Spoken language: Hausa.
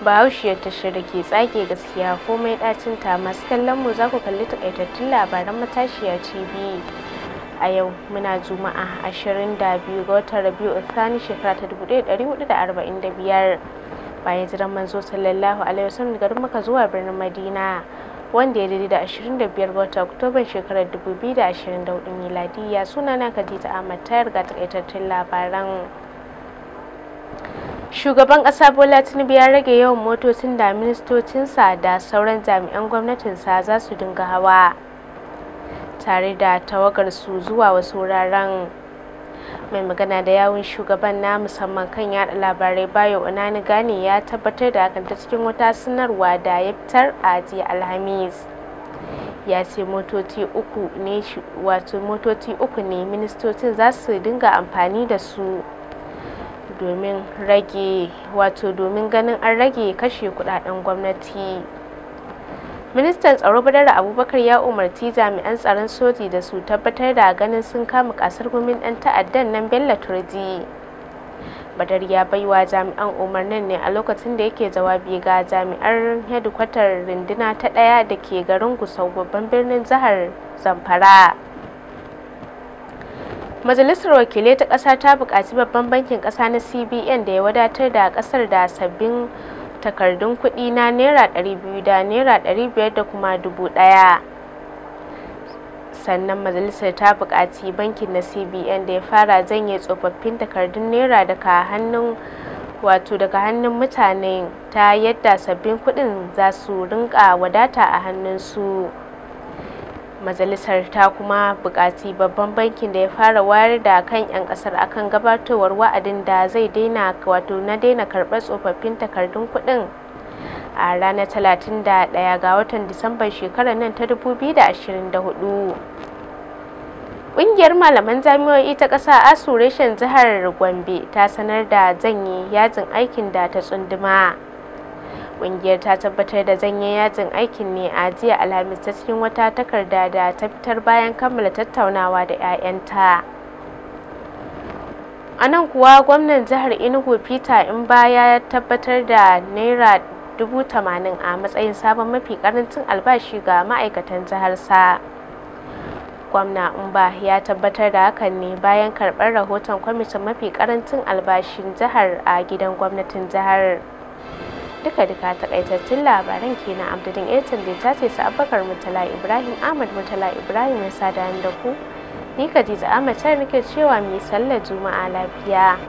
Bahaushiyar tashar da ke tsage gaskiya komai dacin ta masu kallon mu za ku kalli takaitattun labaran matashiya TV. A yau muna Juma'a 22 ga watan Rabiu Thani shekara ta 1445 bayan jiran manzo sallallahu alaihi wasallam garin maka zuwa birnin Madina wanda ya dade da 25 ga watan Oktoba shekarar 2024 miladiya sunana na Ahmad ta yarga takaitattun labaran. shugaban ƙasa bola tinubu ya rage yawan motocin da ministocinsa da sauran jami'an gwamnatinsa za su dinga hawa tare da tawagarsu zuwa wasu wuraren mai magana da yawun shugaban na musamman kan yaɗa labarai bayo unani gane ya tabbatar da hakan ta cikin wata sanarwa da ya fitar a jiya alhamis ya ce motoci uku ne wato motoci uku ne ministocin za su dinga amfani da su domin rage wato domin ganin an rage kashe kudaden gwamnati ministan tsaro badara abubakar ya umarci jami'an tsaron soji da su tabbatar da ganin sun kama kasar gumin dan ta'addan nan bello turji badar ya baiwa jami'an umarnin ne a lokacin da yake jawabi ga jami'ar hedikwatar runduna ta daya da ke garin gusau babban birnin jihar zamfara Majalisar Wakilai ta ƙasa ta buƙaci babban bankin ƙasa na CBN da ya wadatar da ƙasar da sabbin takardun kuɗi na Naira 200 da Naira 500 da kuma dubu ɗaya Sannan majalisar ta buƙaci bankin na CBN da ya fara janye tsofaffin takardun Naira daga hannun wato daga hannun mutane ta yadda sabbin kuɗin za su rinƙa wadata a hannun su. majalisar ta kuma buƙaci babban bankin da ya fara wayar da kan 'yan ƙasar akan gabatowar wa'adin da zai daina wato na daina karɓar tsofaffin takardun kuɗin a ranar 31 ga watan disambar shekarar nan ta 2024 Ƙungiyar malaman jami'o'i ta ƙasa Asu reshen jihar Gombe ta sanar da janye yajin aikin da ta tsunduma. kungiyar ta tabbatar da zanye yajin aikin ne a jiya alhamis ta cikin wata takarda da ta fitar bayan kammala tattaunawa da 'ya'yanta a nan kuwa gwamnan jihar inugu peter in baya ya tabbatar da naira 80,000 a matsayin sabon mafi karancin albashi ga ma'aikatan jiharsa gwamna umba ya tabbatar da hakan ne bayan karbar rahoton Kwamishin mafi karancin albashin jihar a gidan gwamnatin jihar duka duka takaitattun labaran kenan abdudin etin da ta ce su abubakar murtala ibrahim ahmad murtala ibrahim ya sada da ku ni ka ahmad ta nake cewa mu sallar juma'a lafiya